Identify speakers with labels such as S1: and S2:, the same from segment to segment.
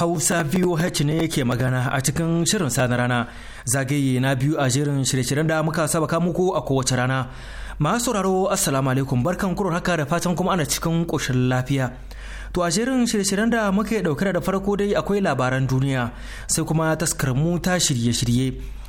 S1: Hausa VOH ne ke magana a cikin shirin sa rana zagaye na biyu a jerin shirye-shiryen da muka saba muku a kowace rana. masu sauraro assalamu alaikum barkan kurar haka da fatan kuma ana cikin ƙoshin lafiya to a jerin shirye-shiryen da muke ɗauke da farko dai akwai labaran duniya sai kuma taskarmu ta shirye-shirye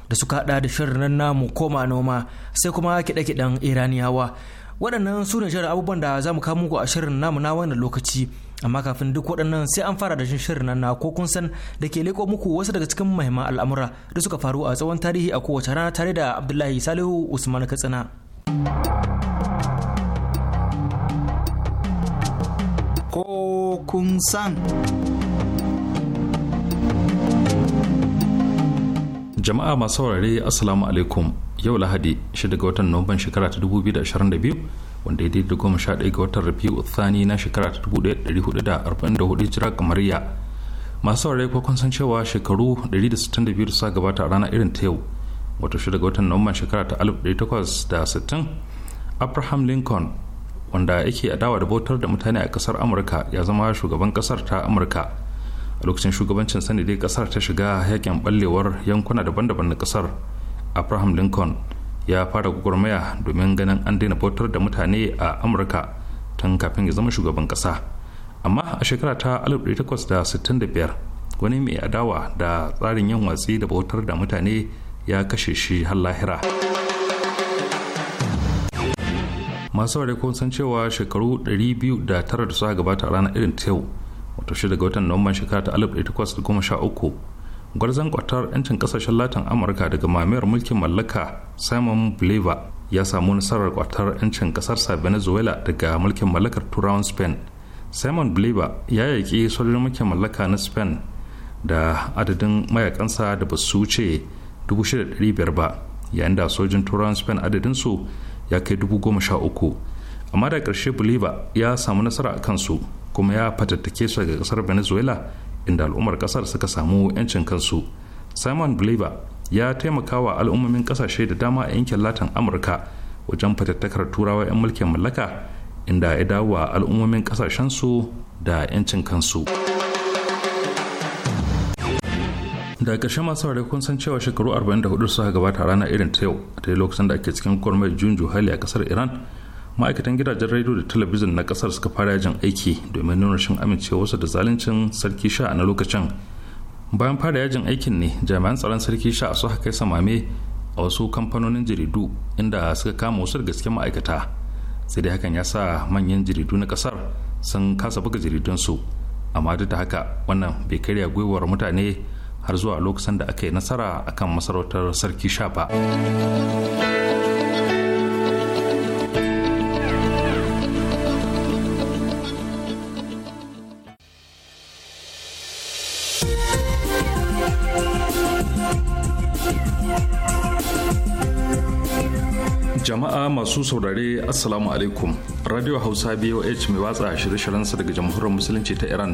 S1: da suka haɗa da shirin namu koma noma sai kuma kiɗe-kiɗen iraniyawa waɗannan su ne shirin abubuwan da za mu kawo a shirin namu na wannan lokaci amma kafin duk waɗannan sai an fara da shirin nan na ko kun san da ke leƙo muku wasu daga cikin mahimman al'amura da suka faru a tsawon tarihi a kowace rana tare da abdullahi salihu usman katsina Ko kun san.
S2: Jama'a masu saurare Assalamu alaikum yau Lahadi 6 ga watan Nuwamban shekara ta 2022 wanda ya da goma sha ga watan Rabiu Thani na shekara ta 1444 jira kamariya. Masu saurare ko kun san cewa shekaru 162 da suka gabata a ranar irin ta yau wato shi daga watan nuwamban shekara ta 1860 abraham lincoln wanda yake adawa da bautar da mutane a kasar amurka ya zama shugaban kasar ta amurka a lokacin shugabancin sani dai kasar ta shiga yakin ballewar yankuna daban-daban na kasar abraham lincoln ya fara gwagwarmaya domin ganin an daina bautar da mutane a amurka tun kafin ya zama shugaban kasa amma a shekara ta 1865 wani mai adawa da tsarin yin watsi da bautar da mutane ya kashe shi har lahira masu ware kun san cewa shekaru 209 da tara da suka gabata a ranar irin ta yau wato shi daga watan nuwamban shekara ta 1813 gwarzan kwatar 'yancin kasashen latin amurka daga mamayar mulkin mallaka simon bolivar ya samu nasarar kwatar 'yancin kasarsa venezuela daga mulkin mallakar turawan spain simon bolivar ya yaƙi sojojin mulkin mallaka na spain da adadin mayakansa da ba su wuce 6,500 ba yayin da sojin turawan spain adadinsu ya kai 13,000 amma da ƙarshe bolivar ya samu nasara a kansu kuma ya fatattake su daga ƙasar venezuela inda al'ummar ƙasar suka samu 'yancin kansu simon bolivar ya taimaka wa al'ummomin ƙasashe da dama a yankin latin amurka wajen fatattakar turawa 'yan mulkin mallaka inda ya dawo wa al'ummomin ƙasashensu da 'yancin kansu. da ƙarshe masu ware kun san cewa shekaru 44 suka gabata rana irin ta yau a ta lokacin da ake cikin gwamnati jun hali a kasar iran ma'aikatan gidajen rediyo da talabijin na kasar suka fara yajin aiki domin nuna shin amincewarsa da zaluncin sarki sha na lokacin bayan fara yajin aikin ne jami'an tsaron sarki sha haka kai samame a wasu kamfanonin jaridu inda suka kama wasu da gaske ma'aikata sai dai hakan ya sa manyan jaridu na kasar sun kasa buga jaridunsu amma duk da haka wannan bai karya gwiwar mutane har zuwa lokacin da aka yi nasara akan masarautar sarki shafa jama'a masu saurare assalamu alaikum radio hausa boh mai watsa shirye-shiryensa daga jamhuriyar musulunci ta iran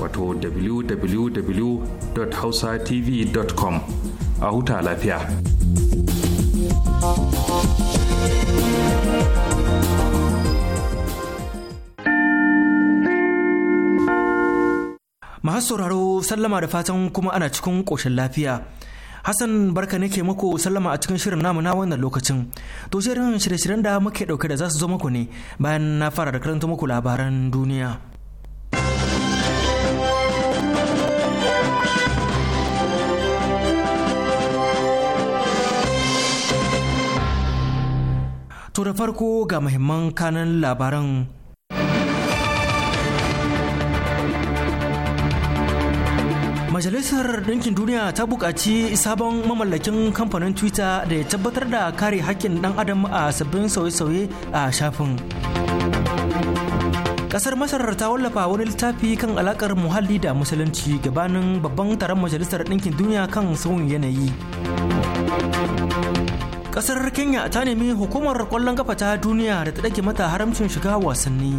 S2: wato www.hausatv.com a huta lafiya.
S1: Masu sauraro sallama da fatan kuma ana cikin koshin lafiya. Hassan barka ne ke muku sallama a cikin shirin namu na wannan lokacin. To shirin shirye-shiryen da muke ɗauke da za su zo muku ne bayan na fara da karanta muku labaran duniya. To da farko ga muhimman kanan labaran Majalisar Ɗinkin Duniya ta buƙaci sabon mamallakin kamfanin Twitter da ya tabbatar da kare hakkin ɗan adam a sabbin sauye-sauye a shafin. Ƙasar Masar ta wallafa wani littafi kan alaƙar muhalli da musulunci gabanin babban taron Majalisar Ɗinkin Duniya kan sauyin yanayi. kasar kenya ta nemi hukumar kwallon kafa ta duniya da ta ɗage mata haramcin shiga wasanni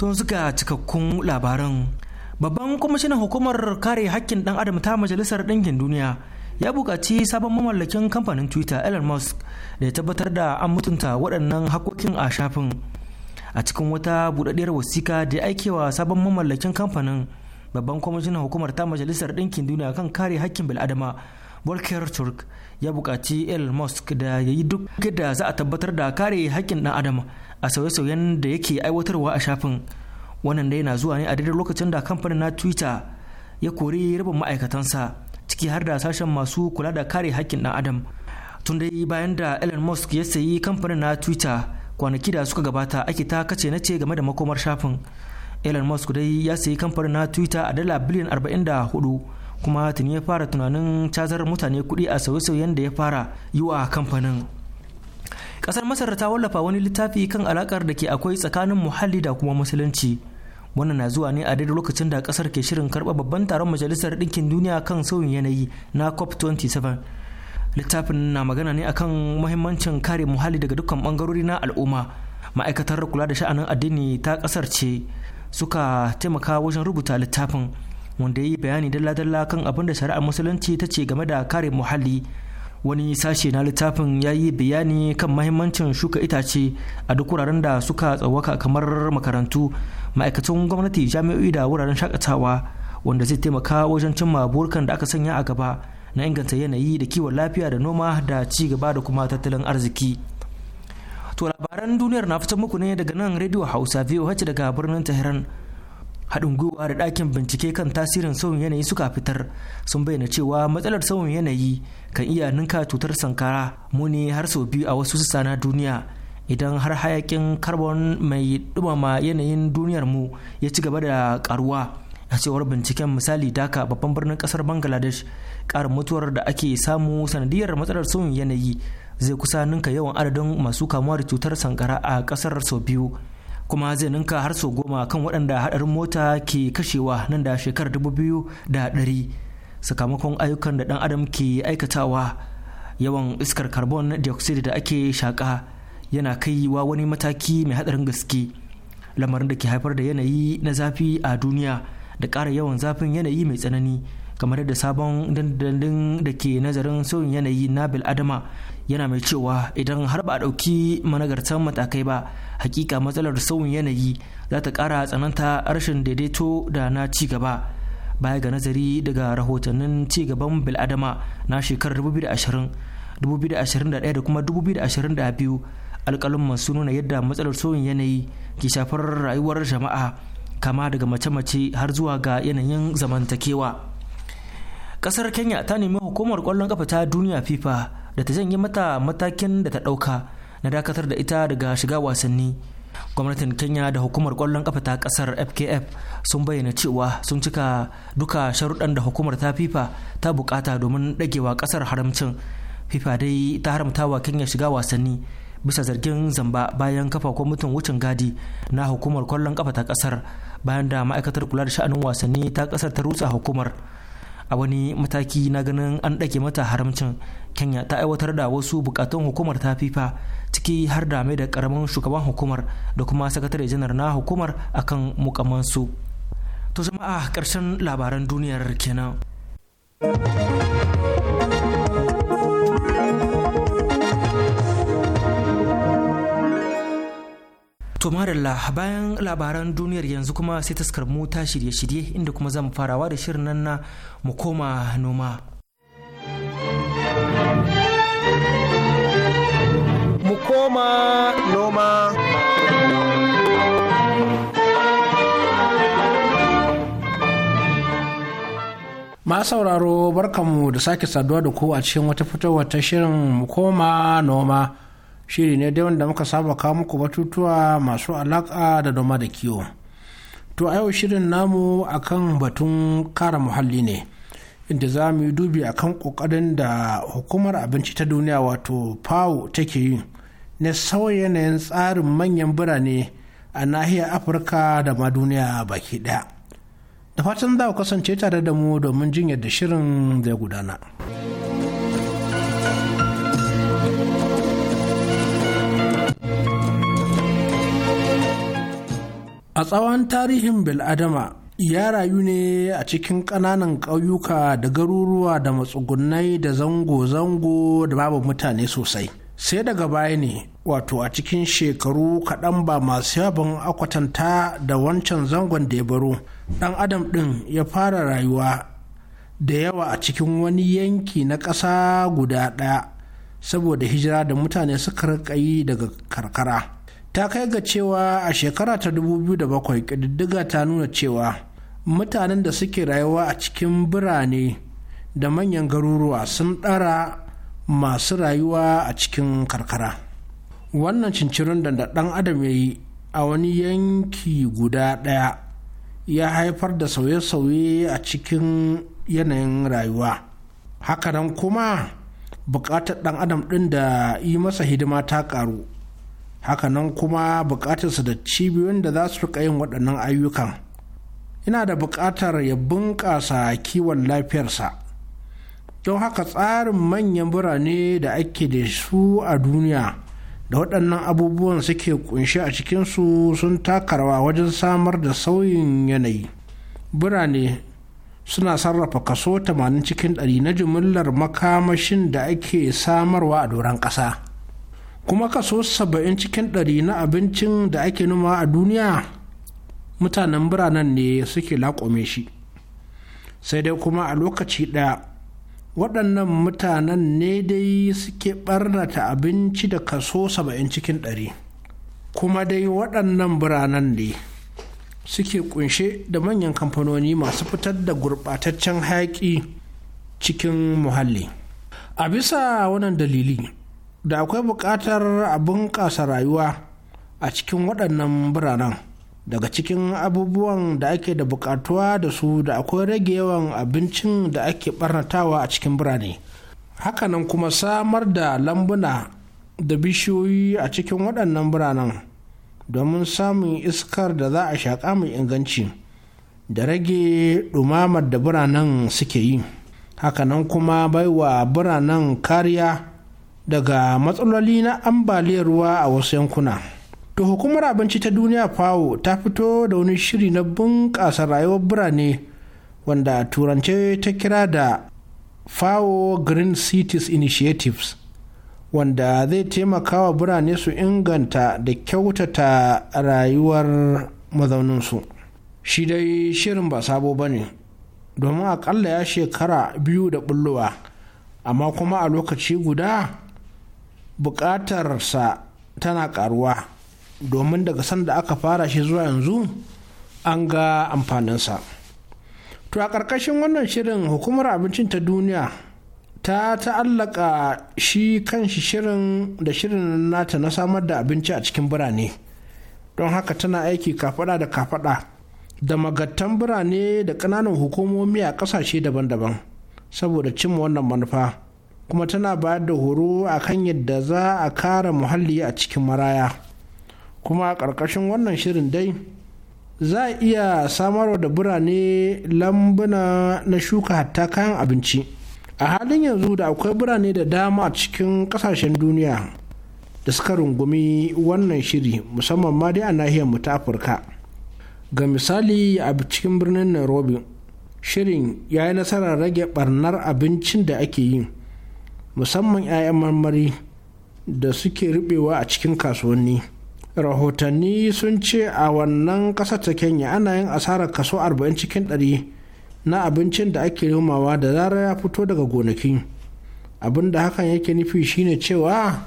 S1: tun suka cikakkun labarin babban kwamishinan hukumar kare hakkin ɗan adam ta majalisar ɗinkin duniya ya buƙaci sabon mamallakin kamfanin twitter elon musk da ya tabbatar da an mutunta waɗannan haƙoƙin a shafin a cikin wata buɗaɗɗiyar wasika da ya aikewa sabon mamallakin kamfanin babban kwamishinan hukumar ta majalisar ɗinkin duniya kan kare hakkin bil'adama volker turk ya buƙaci el musk da ya yi duk da za a tabbatar da kare hakkin ɗan adam a sauye-sauyen da yake aiwatarwa a shafin wannan dai na zuwa ne a daidai lokacin da kamfanin na twitter ya kori rabin ma'aikatansa ciki har da sashen masu kula da kare hakkin ɗan adam tun dai bayan da elon musk ya sayi kamfanin na twitter kwanaki da suka gabata ake ta kace na ce game da makomar shafin elon musk dai ya sayi kamfanin na twitter a dala biliyan 44 kuma tuni ya fara tunanin cazar mutane kudi a sauye-sauyen da ya fara yi wa kamfanin kasar masar ta wallafa wani littafi kan alakar da ke akwai tsakanin muhalli da kuma musulunci wannan na zuwa ne a daidai lokacin da kasar ke shirin karɓar babban taron majalisar ɗinkin duniya kan sauyin yanayi na cop 27 littafin na magana ne akan muhimmancin kare muhalli daga dukkan bangarori na al'umma ma'aikatar kula da sha'anin addini ta kasar ce suka taimaka wajen rubuta littafin wanda ya yi bayani dalla-dalla kan abin da shari'ar musulunci ta ce game da kare muhalli wani sashe na littafin ya yi bayani kan mahimmancin shuka itace a duk wuraren da suka tsawaka kamar makarantu ma'aikatan gwamnati jami'o'i da wuraren shakatawa wanda zai taimaka wajen cimma burkan da aka sanya a gaba na inganta yanayi da kiwon lafiya da noma da ci gaba da kuma tattalin arziki To labaran duniyar na fitar muku ne daga nan Radio Hausa VOH daga birnin Tehran. Haɗin gwiwa da ɗakin bincike kan tasirin sauyin yanayi suka fitar sun bayyana cewa matsalar sauyin yanayi kan iya ninka cutar sankara muni har sau biyu a wasu sassa na duniya idan har hayakin carbon mai dumama yanayin duniyar mu ya ci gaba da ƙaruwa. a cewar binciken misali daka babban birnin ƙasar bangladesh karin mutuwar da ake samu sanadiyar matsalar sauyin yanayi zai kusa ninka yawan adadin masu kamuwa da cutar sankara a kasar sau biyu kuma zai ninka har sau goma kan waɗanda hadarin mota ke kashewa nan da shekarar dubu biyu da ɗari sakamakon ayyukan da ɗan adam ke aikatawa yawan iskar carbon dioxide da ake shaƙa yana kaiwa wani mataki mai hatsarin gaske lamarin da ke haifar da yanayi na zafi a duniya da ƙara yawan zafin yanayi mai tsanani kamar yadda sabon dandalin da ke nazarin sauyin yanayi na bil adama. yana mai cewa idan har ba a ɗauki managartan matakai ba hakika matsalar sauyin yanayi za ta ƙara tsananta rashin daidaito da na ci gaba baya ga nazari daga rahotannin ci gaban biladama na shekarar 2020 2021 da kuma 2022 alƙalin sun nuna yadda matsalar sauyin yanayi ke shafar rayuwar jama'a kama daga mace-mace har zuwa ga yanayin zamantakewa. ƙasar kenya ta nemi hukumar ƙwallon ƙafa ta duniya fifa da ta janye mata matakin da ta ɗauka na dakatar da ita daga shiga wasanni gwamnatin kenya da hukumar kwallon kafa ta kasar fkf sun bayyana cewa sun cika duka sharuɗan da hukumar ta fifa ta bukata domin ɗagewa kasar haramcin fifa dai ta haramtawa wa kenya shiga wasanni bisa zargin zamba bayan kafa kwamitin wucin gadi na hukumar kwallon kafa ta kasar bayan da ma'aikatar kula da sha'anin wasanni ta kasar ta rutsa hukumar a wani mataki na ganin an ɗage mata haramcin kenya ta aiwatar da wasu bukatun hukumar ta fifa ciki har da mai da karamin shugaban hukumar da kuma sakatare janar na hukumar akan mukamansu to jama'a ƙarshen labaran duniyar kenan To marilla bayan labaran duniyar yanzu kuma sai taskar mota shirye-shirye inda kuma zan farawa da shirin nan na mu koma noma. Mu koma noma.
S3: Ma sauraro barkamu da sake saduwa da ku a cikin wata fitowar ta shirin mu koma noma. shiri ne dai wanda muka saba kawo muku batutuwa masu alaka da noma da kiwo to a yau shirin namu akan batun kara muhalli ne inda za mu yi dubi akan kokarin da hukumar abinci ta duniya wato fao take yi na sauya yanayin tsarin manyan birane a nahiyar afirka da ma duniya baki ɗaya da fatan za kasance tare da mu domin jin yadda shirin zai gudana. a tsawon tarihin bil'adama ya rayu ne a cikin ƙananan ƙauyuka da garuruwa da matsugunai da zango-zango da babu mutane sosai sai daga baya ne wato a cikin shekaru kaɗan ba masu yabon akwatanta da wancan zangon da ya baro ɗan adam ɗin ya fara rayuwa da yawa a cikin wani yanki na ƙasa guda ɗaya saboda hijira da mutane suka yi daga karkara ta kai ga cewa a shekara ta 2007 ƙididdiga ta nuna cewa mutanen da suke rayuwa a cikin birane da manyan garuruwa sun ɗara masu rayuwa a cikin karkara wannan cincirin da ɗan adam ya yi a wani yanki guda ɗaya ya haifar da sauye-sauye a cikin yanayin rayuwa hakanan kuma buƙatar ɗan adam ɗin da yi masa hidima ta ƙaru hakanan kuma bukatarsa da cibiyoyin da za su rika yin waɗannan ayyukan ina da buƙatar ya bunƙasa kiwon lafiyarsa don haka tsarin manyan birane da ake da su a duniya da waɗannan abubuwan suke kunshi a cikinsu sun takarwa wajen samar da sauyin yanayi birane suna sarrafa kaso 80 cikin ɗari na jumillar makamashin da ake samarwa a doron ƙasa. kuma kaso 70 cikin ɗari na abincin da ake noma a duniya mutanen biranen ne suke laƙome shi sai dai kuma a lokaci ɗaya waɗannan mutanen ne dai suke ɓarnata abinci da kaso 70 cikin ɗari kuma dai waɗannan biranen ne suke kunshe da manyan kamfanoni masu fitar da gurɓataccen hayaƙi cikin muhalli a bisa wannan dalili da akwai buƙatar a bunƙasa rayuwa a cikin waɗannan biranen daga cikin abubuwan da ake da buƙatuwa da su da akwai rage yawan abincin da ake ɓarnatawa a cikin birane hakanan kuma samar da lambuna da bishiyoyi a cikin waɗannan biranen domin samun iskar da za a shaƙa mai inganci da rage ɗumamar da biranen suke yi hakanan kuma baiwa biranen kariya daga matsaloli na ambaliyar ruwa a wasu yankuna. To hukumar abinci ta duniya fawo ta fito da wani shiri na bunƙasa rayuwar birane wanda turance ta kira da fawo green cities initiatives wanda zai taimaka wa birane su inganta da kyautata rayuwar mazauninsu shi dai shirin ba sabo ba ne domin akalla ya shekara biyu da bullowa amma kuma a lokaci guda buƙatarsa tana ƙaruwa domin daga sanda aka fara shi zuwa yanzu an ga amfaninsa to a ƙarƙashin wannan shirin hukumar abincin ta duniya ta ta'allaka shi kan shi shirin da shirin nata na samar da abinci a cikin birane don haka tana aiki kafada da kafada da magattan birane da ƙananan hukumomi a ƙasashe daban-daban saboda cimma wannan manufa kuma tana bayar da horo a kan yadda za a kare muhalli a cikin maraya kuma a ƙarƙashin wannan shirin dai za a iya samarwa da birane lambuna na shuka hatta kayan abinci a halin yanzu da akwai birane da dama a cikin ƙasashen duniya da suka rungumi wannan shiri musamman ma dai a nahiyar mu ta afirka ga misali a cikin birnin nairobi shirin ya yi nasarar rage barnar abincin da ake yi musamman 'ya'yan marmari da suke rubewa a cikin kasuwanni rahotanni sun ce a wannan ƙasar ta kenya ana yin asarar kaso 40 cikin 100 na abincin da ake nomawa da zarar ya fito daga gonaki abin da hakan yake nufi shine cewa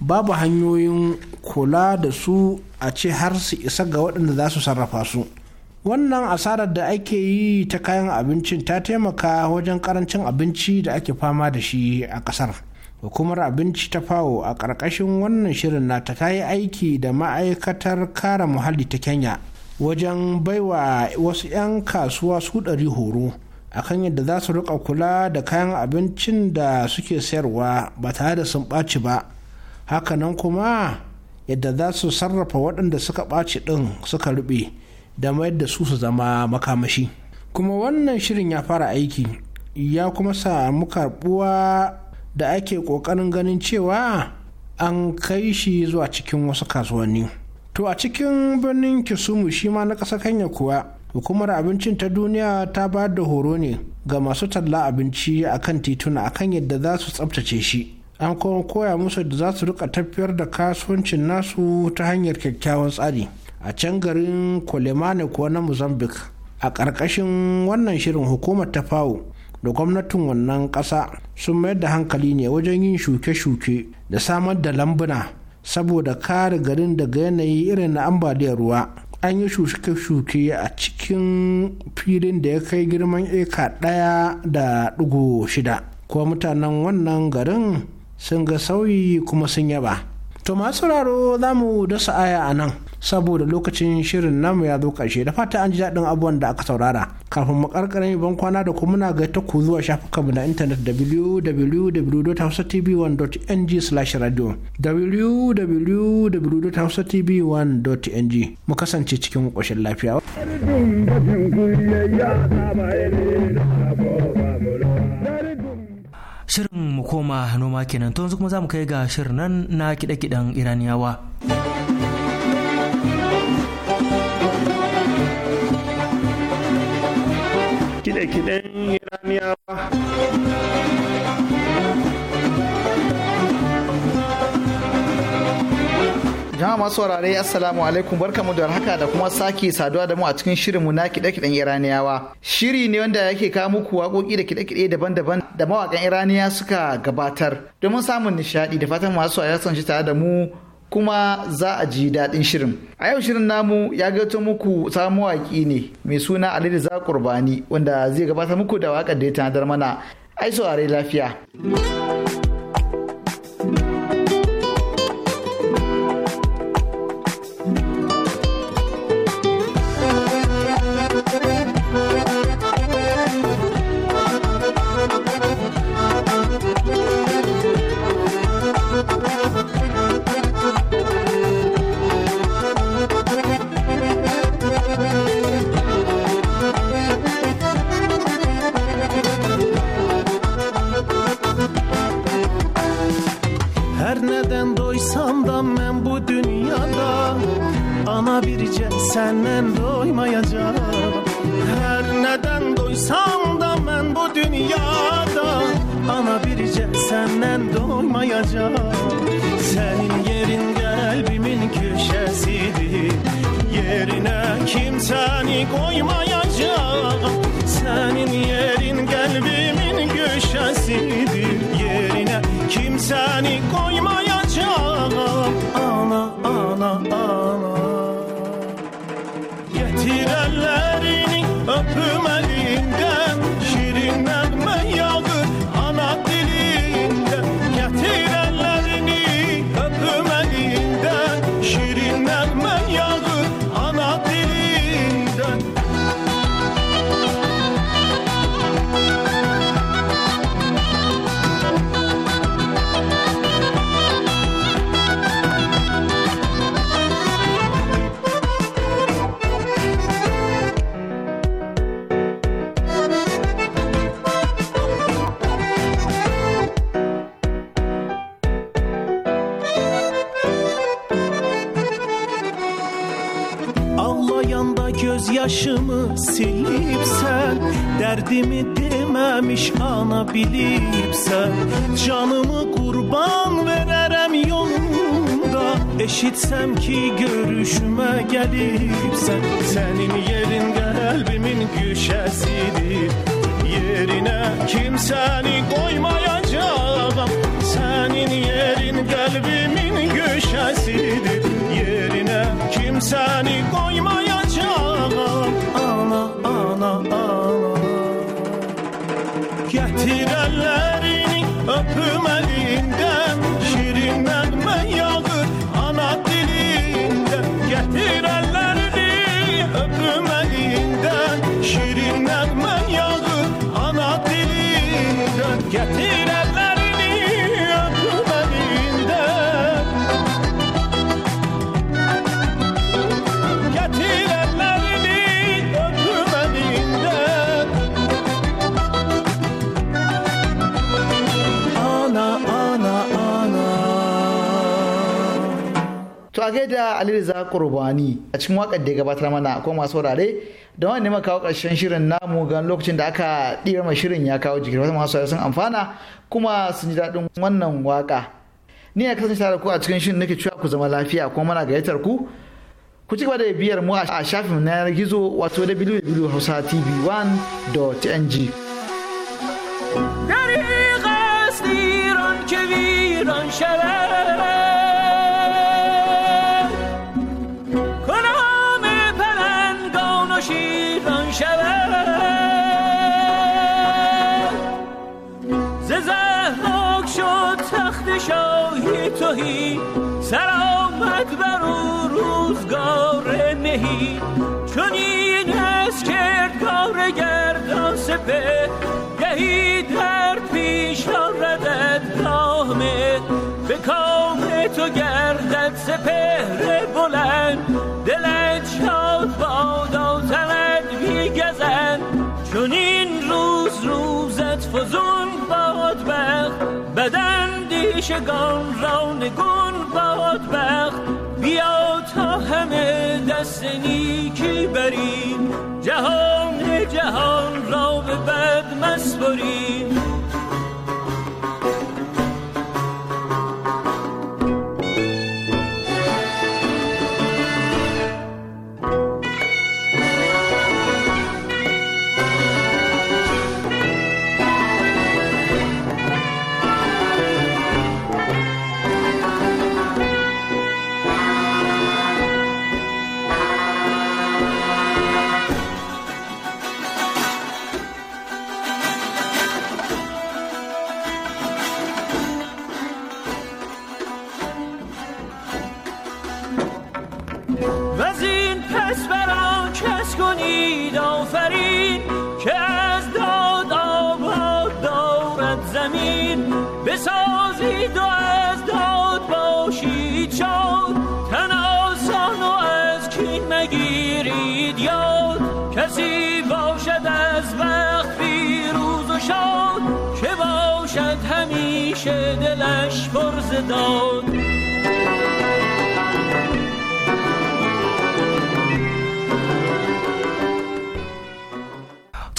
S3: babu hanyoyin kula da su a ce har su isa ga waɗanda za su sarrafa su wannan asarar da ake yi ta kayan abincin ta taimaka wajen karancin abinci da ake fama da shi a kasar hukumar abinci ta fawo a ƙarƙashin wannan shirin na ta yi aiki da ma'aikatar kare muhalli ta kenya wajen baiwa wasu 'yan kasuwa su ɗari horo a kan yadda za su rika kula da kayan abincin da suke sayarwa ba tare da sun ɓaci ba hakanan kuma yadda za su sarrafa waɗanda suka ɓaci ɗin suka ruɓe da mayar da su su zama makamashi kuma wannan shirin ya fara aiki ya kuma samu karɓuwa da ake ƙoƙarin ganin cewa an kai shi zuwa cikin wasu kasuwanni to a cikin birnin kisumu shi ma na ƙasar kenya kuwa hukumar abincin ta duniya ta ba da horo ne ga masu talla abinci a kan tituna a kan yadda za su tsabtace shi an kuma koya musu da za su rika tafiyar da kasuwancin nasu ta hanyar kyakkyawan tsari a can garin kolemane kuwa na mozambique a ƙarƙashin wannan shirin hukumar ta fawo da gwamnatin wannan ƙasa sun mayar da hankali ne wajen yin shuke-shuke da samar da lambuna saboda kare garin daga yanayi irin na ambaliyar ruwa an yi shuke-shuke a cikin filin da ya kai girman eka ɗaya da ɗigo shida ko mutanen wannan garin sun ga sauyi kuma sun yaba to masu raro za mu dasa aya a nan saboda lokacin shirin namu ya zo ƙarshe da fata an ji daɗin abubuwan da aka saurara kafin mu karkarin ban kwana da kuma muna ga ku zuwa shafukanmu na intanet www.hausatv1.ng/radio www.hausatv1.ng mu kasance cikin ƙoshin lafiya.
S1: Shirin mu koma noma kenan to yanzu kuma za mu kai ga shirin nan na kiɗe-kiɗen Iraniyawa.
S4: kiɗe-kiɗen iraniyawa
S1: jama'a masu warare assalamu alaikum barkamu da haka da kuma sake saduwa da mu a cikin shirinmu na kiɗe-kiɗen iraniyawa shiri ne wanda yake kawo muku waƙoƙi da kiɗe-kiɗe daban-daban da mawaƙan iraniya suka gabatar domin samun nishaɗi da fatan masu ya son tare da mu kuma za a ji daɗin shirin. A yau shirin namu ya gato muku samu waƙi ne mai suna Alidu za Qurbani wanda zai gabata muku da waƙar da ya tanadar mana. Ai saurari lafiya.
S4: Acımı silip sen Derdimi dememiş ana bilip sen Canımı kurban vererem yolunda Eşitsem ki görüşüme gelipsen Senin yerin kalbimin güşesidir Yerine kimseni koymayacağım Senin yerin kalbimin güşesidir Yerine kimseni koymayacağım
S1: da Ali za a cikin wakar da ya gabatar mana ko masu wurare da wani neman kawo ƙarshen shirin namu ga lokacin da aka ɗira mai shirin ya kawo jikin wasu masu sun amfana kuma sun ji daɗin wannan waka. Ni ya kasance tare ku a cikin shirin nake cewa ku zama lafiya kuma mana gayyatar ku ku ci gaba da biyar mu a shafin na gizo wato www.hausatv1.ng.
S5: دریغ است ایران که ویران شود توهی سلامت بر او روزگار مهی چون این از کردگار گردان سپه گهی در پیش آردد کامه به کام تو گردد سپهر بلند دلت شاد باد آتند بیگزن چون این روز روزت فزون باد بخت دیشگان را نگون باد بخت بیا تا همه دست نیکی بریم جهان جهان را به بد بریم.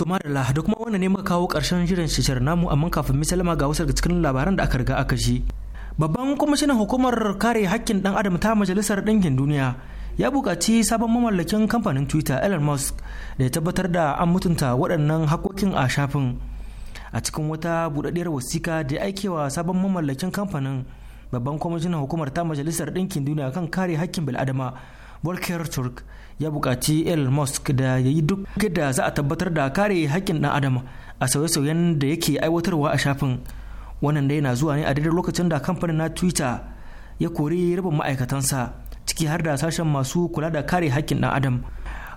S1: To da da kuma wannan ne muka kawo ƙarshen shirin shishir namu amma kafin misalama ga wasu daga cikin labaran da aka riga aka ji. Babban kwamishinan hukumar kare haƙƙin ɗan adam ta majalisar ɗinkin duniya ya buƙaci sabon mamallakin kamfanin Twitter Elon Musk da ya tabbatar da an mutunta waɗannan haƙƙoƙin a shafin. A cikin wata buɗaɗɗiyar wasiƙa da ya aike wa sabon mamallakin kamfanin babban kwamishinan hukumar ta majalisar ɗinkin duniya kan kare hakkin bil'adama walker Turk ya buƙaci El Musk da ya yi duk da za a tabbatar da kare haƙƙin ɗan adam a sauye-sauyen da yake aiwatarwa a shafin wannan da yana zuwa ne a daidai lokacin da kamfanin na Twitter ya kori rabin ma'aikatansa ciki har da sashen masu kula da kare haƙƙin ɗan adam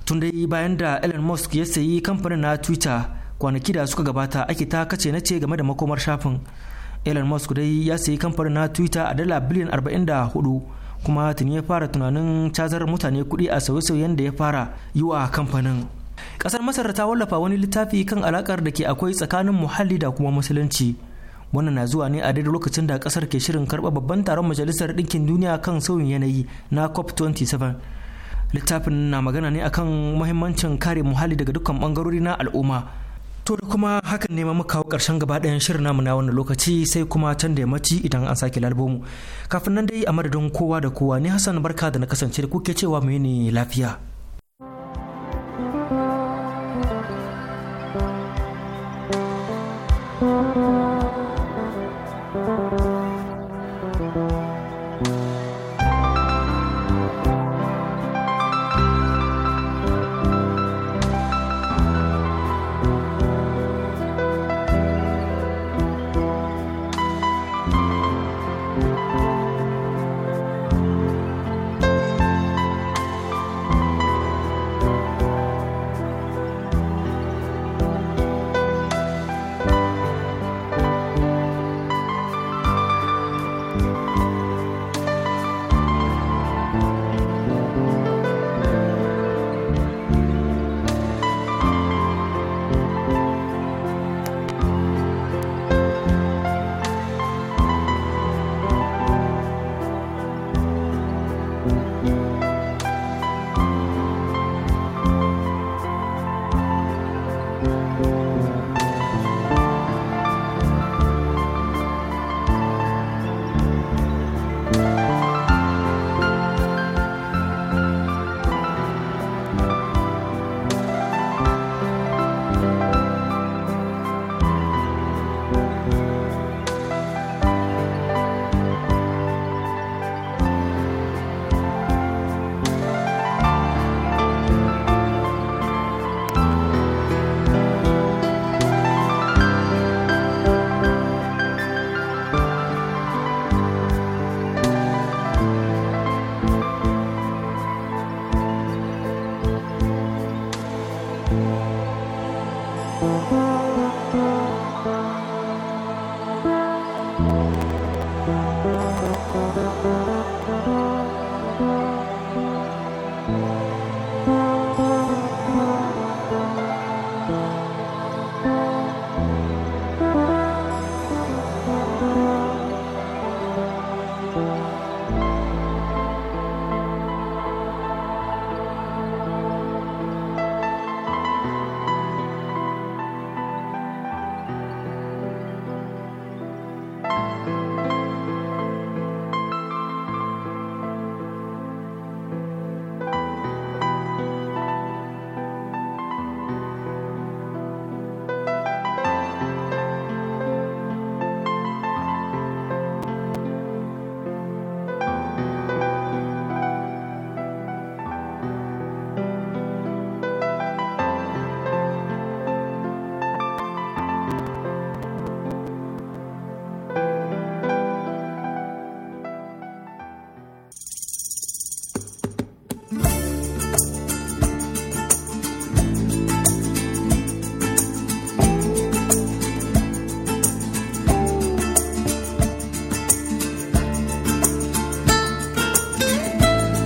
S1: tun dai bayan da Elon Musk ya sayi kamfanin na Twitter kwanaki da suka gabata ake ta kace na ce game da makomar shafin Elon Musk dai ya sayi kamfanin na Twitter a dala biliyan 44 kuma tuni ya fara tunanin cazar mutane kuɗi a sauye-sauyen da ya fara yi wa kamfanin ƙasar masar ta wallafa wani littafi kan alaƙar da ke akwai tsakanin muhalli da kuma musulunci wannan na zuwa ne a daidai lokacin da ƙasar ke shirin karɓa babban taron majalisar ɗinkin duniya kan sauyin yanayi na cop 27 littafin na magana ne akan muhimmancin kare muhalli daga dukkan ɓangarori na al'umma To da kuma hakan ne muka kawo ƙarshen gaba ɗayan shirin namu na wannan lokaci sai kuma can da yammaci idan an sake lalbomu. Kafin nan dai a madadin kowa da kowa ne Hassan barka da na kasance da kuke cewa mu ne lafiya.